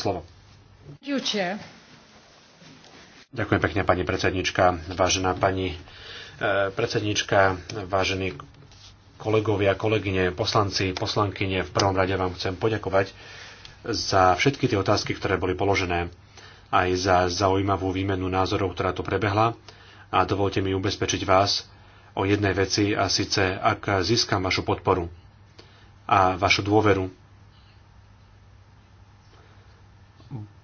slovo. Ďakujem pekne, pani predsednička, vážená pani e, predsednička, vážení kolegovia, kolegyne, poslanci, poslankyne. V prvom rade vám chcem poďakovať za všetky tie otázky, ktoré boli položené, aj za zaujímavú výmenu názorov, ktorá tu prebehla. A dovolte mi ubezpečiť vás o jednej veci, a síce ak získam vašu podporu a vašu dôveru,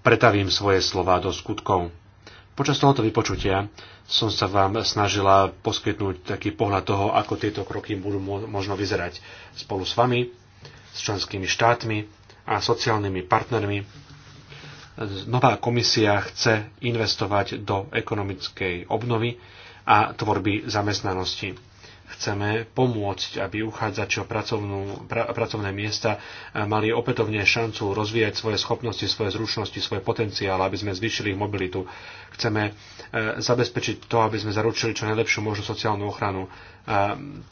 pretavím svoje slova do skutkov. Počas tohoto vypočutia som sa vám snažila poskytnúť taký pohľad toho, ako tieto kroky budú možno vyzerať spolu s vami, s členskými štátmi a sociálnymi partnermi. Nová komisia chce investovať do ekonomickej obnovy a tvorby zamestnanosti chceme pomôcť, aby uchádzači o pracovnú, pra, pracovné miesta eh, mali opätovne šancu rozvíjať svoje schopnosti, svoje zručnosti, svoj potenciál, aby sme zvýšili ich mobilitu. Chceme e, zabezpečiť to, aby sme zaručili čo najlepšiu možnú sociálnu ochranu e,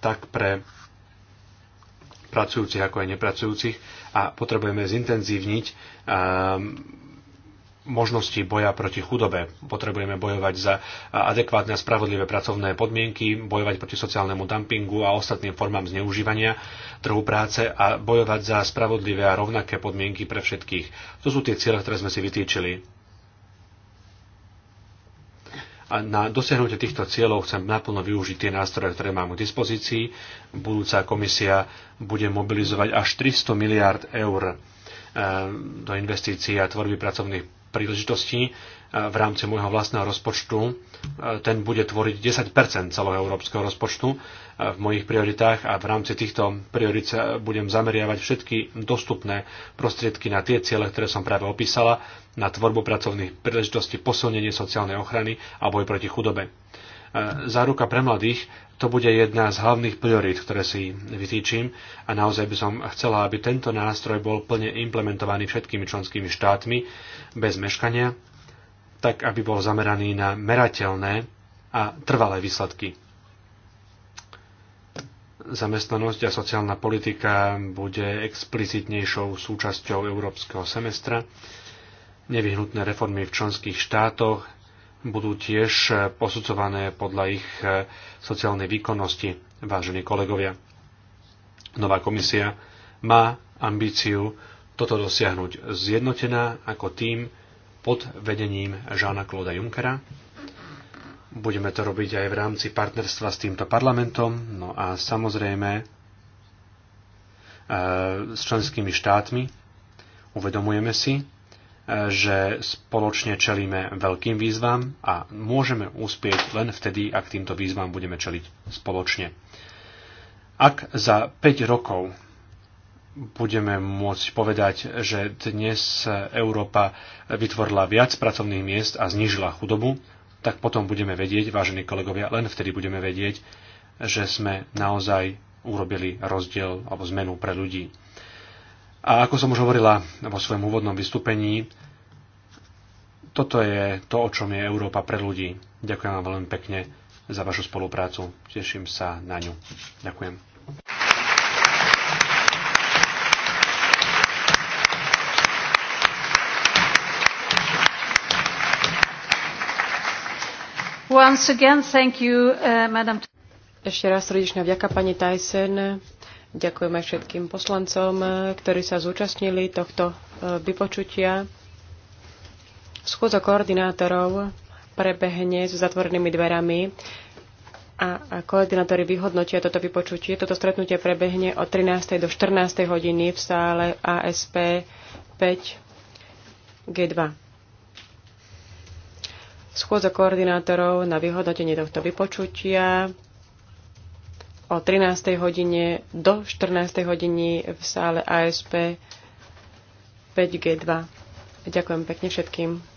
tak pre pracujúcich ako aj nepracujúcich a potrebujeme zintenzívniť e, možností boja proti chudobe. Potrebujeme bojovať za adekvátne a spravodlivé pracovné podmienky, bojovať proti sociálnemu dumpingu a ostatným formám zneužívania trhu práce a bojovať za spravodlivé a rovnaké podmienky pre všetkých. To sú tie cieľe, ktoré sme si vytýčili. A na dosiahnutie týchto cieľov chcem naplno využiť tie nástroje, ktoré mám k dispozícii. Budúca komisia bude mobilizovať až 300 miliard eur eh, do investícií a tvorby pracovných príležitosti e, v rámci môjho vlastného rozpočtu. E, ten bude tvoriť 10 celého európskeho rozpočtu e, v mojich prioritách a v rámci týchto priorit sa budem zameriavať všetky dostupné prostriedky na tie ciele, ktoré som práve opísala, na tvorbu pracovných príležitostí, posilnenie sociálnej ochrany a boj proti chudobe. E, záruka pre mladých, to bude jedna z hlavných priorít, ktoré si vytýčim a naozaj by som chcela, aby tento nástroj bol plne implementovaný všetkými členskými štátmi bez meškania, tak aby bol zameraný na merateľné a trvalé výsledky. Zamestnanosť a sociálna politika bude explicitnejšou súčasťou európskeho semestra, nevyhnutné reformy v členských štátoch, budú tiež eh, posudzované podľa ich eh, sociálnej výkonnosti, vážení kolegovia. Nová komisia má ambíciu toto dosiahnuť zjednotená ako tým pod vedením Žána Klóda Junckera. Budeme to robiť aj v rámci partnerstva s týmto parlamentom, no a samozrejme eh, s členskými štátmi. Uvedomujeme si, že spoločne čelíme veľkým výzvam a môžeme uspieť len vtedy, ak týmto výzvam budeme čeliť spoločne. Ak za 5 rokov budeme môcť povedať, že dnes Európa vytvorila viac pracovných miest a znížila chudobu, tak potom budeme vedieť, vážení kolegovia, len vtedy budeme vedieť, že sme naozaj urobili rozdiel alebo zmenu pre ľudí. A ako som už hovorila vo svojom úvodnom vystúpení, toto je to, o čom je Európa pre ľudí. Ďakujem vám veľmi pekne za vašu spoluprácu. Teším sa na ňu. Ďakujem. Once again, thank you, uh, Madam. Ešte raz srdečná vďaka pani Tyson. Ďakujem aj všetkým poslancom, e, ktorí sa zúčastnili tohto e, vypočutia. Schôdza koordinátorov prebehne s zatvorenými dverami a koordinátori vyhodnotia toto vypočutie. Toto stretnutie prebehne od 13. do 14. hodiny v sále ASP 5 G2. Schôdza koordinátorov na vyhodnotenie tohto vypočutia o 13. hodine do 14. hodiny v sále ASP 5G2. Ďakujem pekne všetkým.